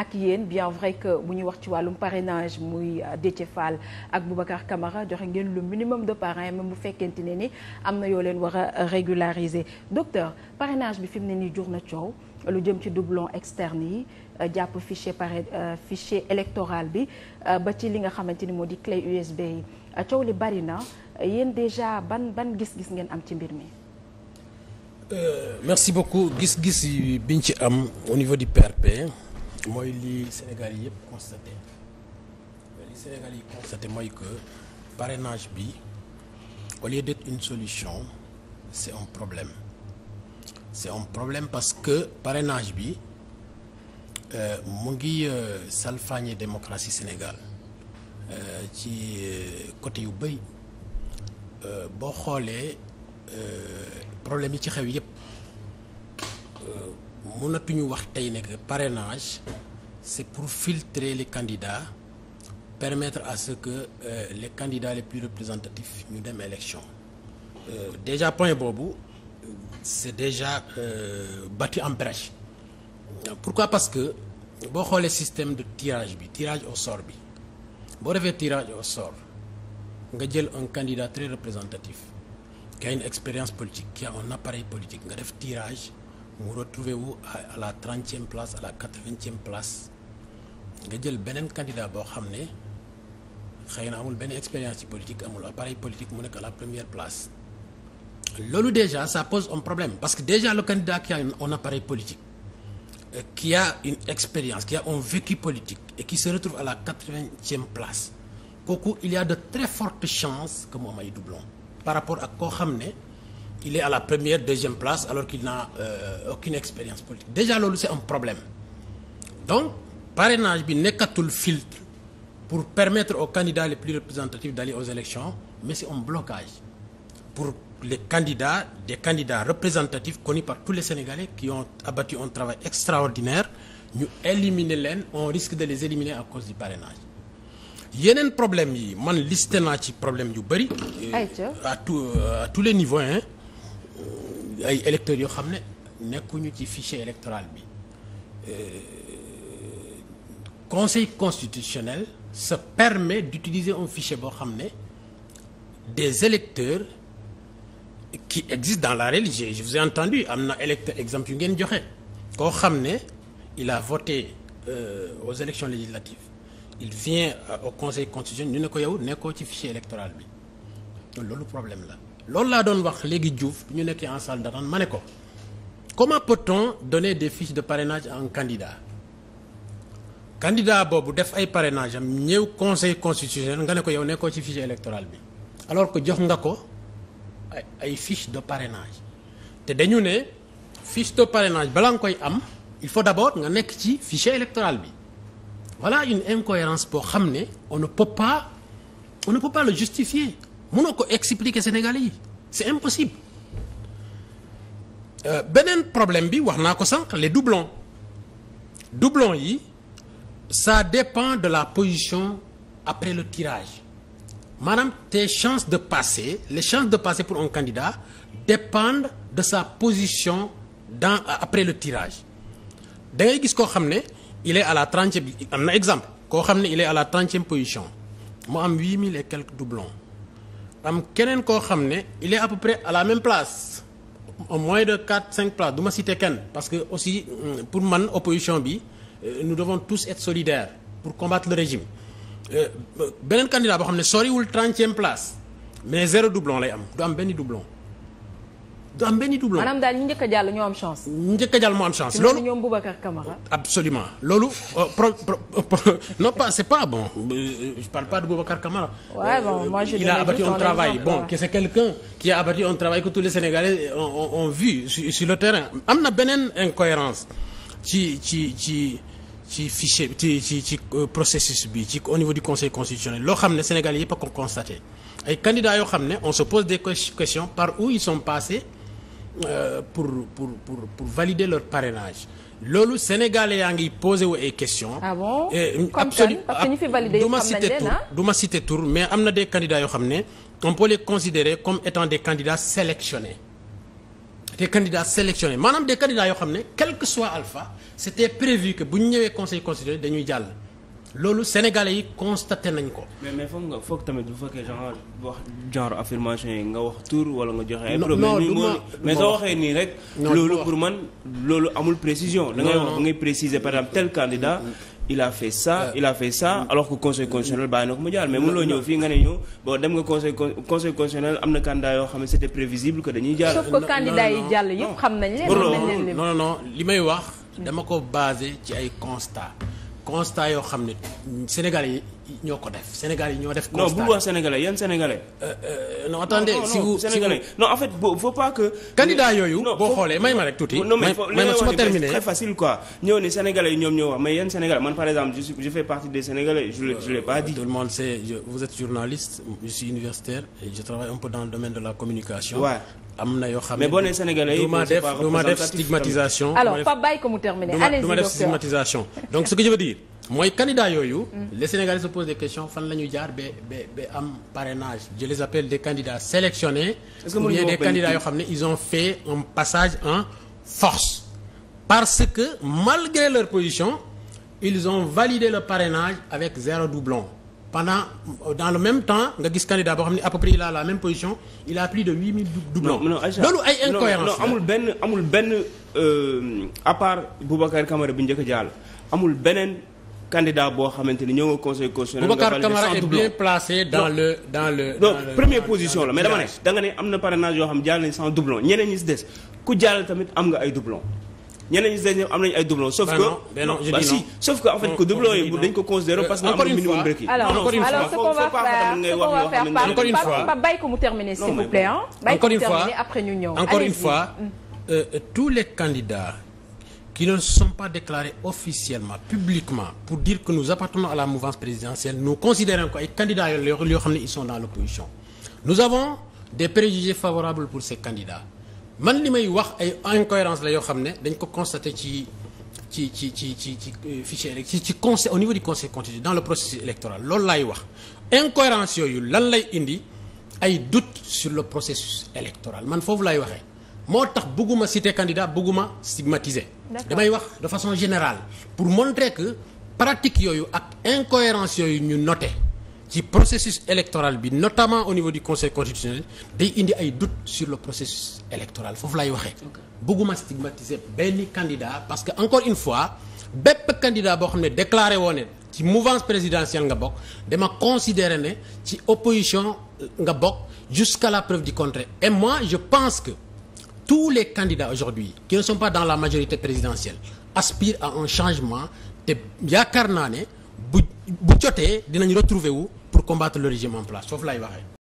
ak yéen bien vrai que bu ñuy wax ci wàllum parrainage muy euh, Déthié Fall ak Boubacar Camara joxe ngeen le minimum de parrain même bu fekkente ne ni am na yoo leen war a euh, régulariser docteur parrainage bi fi mu ne nii jur na coow lu jëm ci doublon externe yi euh, jàpp fichier pare fichier électoral bi ba ci li nga xamante ni moo di clé USB yi coow li bari na yéen déjà ban ban gis-gis ngeen am ci mbir mi. merci beaucoup gis-gis biñ ci am au niveau du PRP. mooy li Sénégal yi yëpp constaté li Sénégal yi constaté mooy que parenage bi au de d'être une solution c'est un problème c'est un problème parce que parenage bi euh, mu ngi euh, salfaañe démocratie Sénégal euh, ci côté yu bëri boo xoolee problème yi ci xew yëpp mënatuñu wax tey ne que parrainage c'est pour filtre les candidats permettre à ce que euh, les candidats les plus représentatifs ñu dem élection euh, déjà point boobu c'est déjà euh, battu en brèche pourquoi parce que boo xoolee système de tirage bi tirage au sort bi boo refee tirage au sort nga jël un candidat très représentatif qui a une expérience politique qui a un appareil politique nga def tirage mu retrouvé wu à la trentième place à la quatre-vingtième place nga jël beneen candidat boo xam ne xëy na amul benn expérience ci politique amul appareil politique mu nekk à la première place loolu déjà sa pose un problème parce que déjà le candidat qui a un appareil politique euh, qui a une expérience qui a un vécu politique et qui se retrouve à la quatre-vingtième place kooku il y a de très fortes chances que mu ay doublons par rapport ak koo xam ne il est à la première deuxième place alors qu'il n'a euh, aucune expérience politique déjà loolu c'est un problème donc parrainage bi nekkatul filtre pour permettre aux candidats les plus représentatifs d'aller aux élections mais c'est un blocage pour les candidats des candidats représentatifs connus par tous les Sénégalais qui ont abattu un travail extraordinaire ñu éliminer leen on risque de les éliminer à cause du parrainage yeneen problème yi man listé naa ci problème yu bëri euh, à tout euh, à les niveaux hein ay électeurs yoo xam ne nekkuñu ci fichier électoral bi euh, conseil constitutionnel se permet d'utiliser un fichier boo xam ne des électeurs qui existent dans la réalité je vous ai entendu am na électeur exemple yu ngeen joxe koo xam ne il a voté euh, aux élections législatives il vient euh, au conseil constitutionnel ñu nekko ko yow nekkoo ci fichier électoral bi loolu problème la loolu laa doon wax léegi Diouf ñu nekkee en salle ma ne ko comment peut-on donner des fiches de parrainage en un candidat candidat boobu def ay parrainage am ñëw conseil constitutionnel nga ne ko yow nekkoo ci fichier électoral bi alors que jox nga ko ay fiche de parenage te dañu ne fiche de parrainage balaa nga koy am il faut d'abord nga nekk ci fichier électoral bi voilà une incohérence boo xam ne on ne peut pas on justifier mënoo ko expliquer Sénégalais yi c'est impossible euh, beneen problème bi wax naa ko sànq les doublons doublons yi ça dépend de la position après le tirage maanaam te chance de passer les chances de passer pour un candidat dépendent de sa position dans après le tirage da ngay gis koo xam ne il est à la bi am na exemple koo xam ne il est à la trentième position mu am huit mille et quelques doublons am keneen koo xam ne il est à peu près à la même place au moins de quatre cinq places du ma citer kenn parce que aussi euh, pour man opposition bi euh, nous devons tous être solidaires pour combattre le régime euh, beneen candidat boo xam ne wul trentième place mais zéro doublon lay am du am benn doublon du am benn doublon. maanaam daal ñi njëkk a jàll ñoo am chance. ñi njëkk a jàll moo am chance. loolu ñoom Boubacar Camara. absolument loolu euh, pro non pas c'est pas bon euh, je parle pas de Boubacar Camara. waaw bon euh, moi je il a abattu un travail bon que c'est quelqu'un qui a abattu un travail que tous les Sénégalais ont ont vu sur le terrain. am na beneen incohérence ci ci ci. ci fichier ci ci ci processus bi ci au niveau du conseil constitutionnel loo xam ne Sénégalais yëpp a ko constaté ay candidats yoo xam ne on se pose des questions par où ils sont passés euh, pour pour pour pour valider leur parrainage loolu sénégalais yaa ngi posé wu ay questions. ah bon comme ça euh, parce que ñu fi ah, ma tour ah. du ma tour mais am na des candidats yoo xam ne on peut les considérer comme étant des candidats sélectionnés des candidats sélectionnés maanaam des candidats yoo xam ne quel que soit alpha c'était prévu que bu ñu ñëwee conseil constitutionnel dañuy jàll. loolu sénégalais yi constaté nañ ko. mais mais foog nga foog tamit bu fekkee genre wax genre affirmation yi nga wax tur wala nga joxe. ay problème mais soo waxee nii rek. loolu pour man loolu amul précision. da ngay ngay préciser par exemple tel candidat. Mm, mm. il a fait ça euh. a fait ça mm. alors que conseil constitutionnel bàyyi na ko mu jaar mais mënuloo ne ñëw bon dem nga conseil conseil constitutionnel am na candidat yoo xam ne c'était prévisible que dañuy jaar. sauf que candidat yi jàll yëpp xam nañ leen. non non non li may wax dama ko basé ci ay constat constat yoo xam ne Sénégal yi ñoo ko def Sénégal yi ñoo def. constat non bu wax sénégalais yan sénégalais. Euh, euh, non attendez si vous sénégalais non en fait boo faut pas que. candidat yooyu boo xoolee may ma rek tuuti. non mais li ma wax très facile quoi. ñëw ni sénégalais yi ñoom ñoo wax mais yan sénégalais man par exemple je suis je fais partie des sénégalais je l'ai je l'ai pas euh, dit. tout le monde sait vous êtes journaliste je suis universitaire je travaille un peu dans le domaine de la communication. alors Pape mooy candidat yooyu. le Sénégalais se posent des questions fan la ñuy jaar ba ba ba am parrainage je les appelle des candidats sélectionnés. est-ce que ou bien des candidats yoo xam ne ils ont fait un passage en force. parce que malgré leur position ils ont validé le parrainage avec zéro doublon pendant dans le même temps nga gis candidat boo xam ne à peu près il la même position il a plus de huit mille doublons. non loolu ay incohérence amul benn amul benn euh, à part Boubacar Camara bi njëkk a jàll candidat boo xamante ni ñëw nga conseil constitutionnel. Boubacar Camara est bien placé dans le dans première position la mais dama ne. ne am na parrainage yoo xam jàll nañ sans doublon ñeneen ñi si des ku jàll tamit am nga ay doublon ñeneen ñi si des am nañu ay doublon. sauf que non je sauf que en fait que doublon yi dañ ko considéré euh, parce que am na minimum break alors ce qu'on va faire encore une fois Pape bàyyi ko mu terminer s'il vous plaît. bàyyi qui ne se sont pas déclarés officiellement publiquement pour dire que nous appartenons à la mouvance présidentielle nous considérons que ay candidats yoo yoo xam ne ils sont dans l'opposition nous avons des préjugés favorables pour ces candidats man li may wax ay incohérence la yoo xam ne dañ ko constater ci ci ci ci ci ci euh, fichier électoral ci conseil au niveau du conseil constitutionnel dans le processus électoral loolu laay wax incohérence yooyu lan lay indi ay doute sur le processus électoral man foofu laay waxee moo tax bëgguma citer candidat bëgguma stigmatiser. damay wax de façon générale pour montrer que pratique yooyu ak incohérence yooyu ñu noté ci processus électoral bi notamment au niveau du conseil constitutionnel day indi ay doute sur le processus électoral foofu lay waxee. bëgguma stigmatiser benn candidat parce que encore une fois bépp candidat boo xam ne déclaré woon ne ci mouvance présidentielle nga bokk dama considérer ne ci opposition nga bokk jusqu'à la preuve du je pense que. tous les candidats aujourd'hui qui ne sont pas dans la majorité présidentielle aspirent à un changement te yaakaar naa ne bu bu jotee dinañ retrouver wu pour combattre le régime en place foofu laay waxee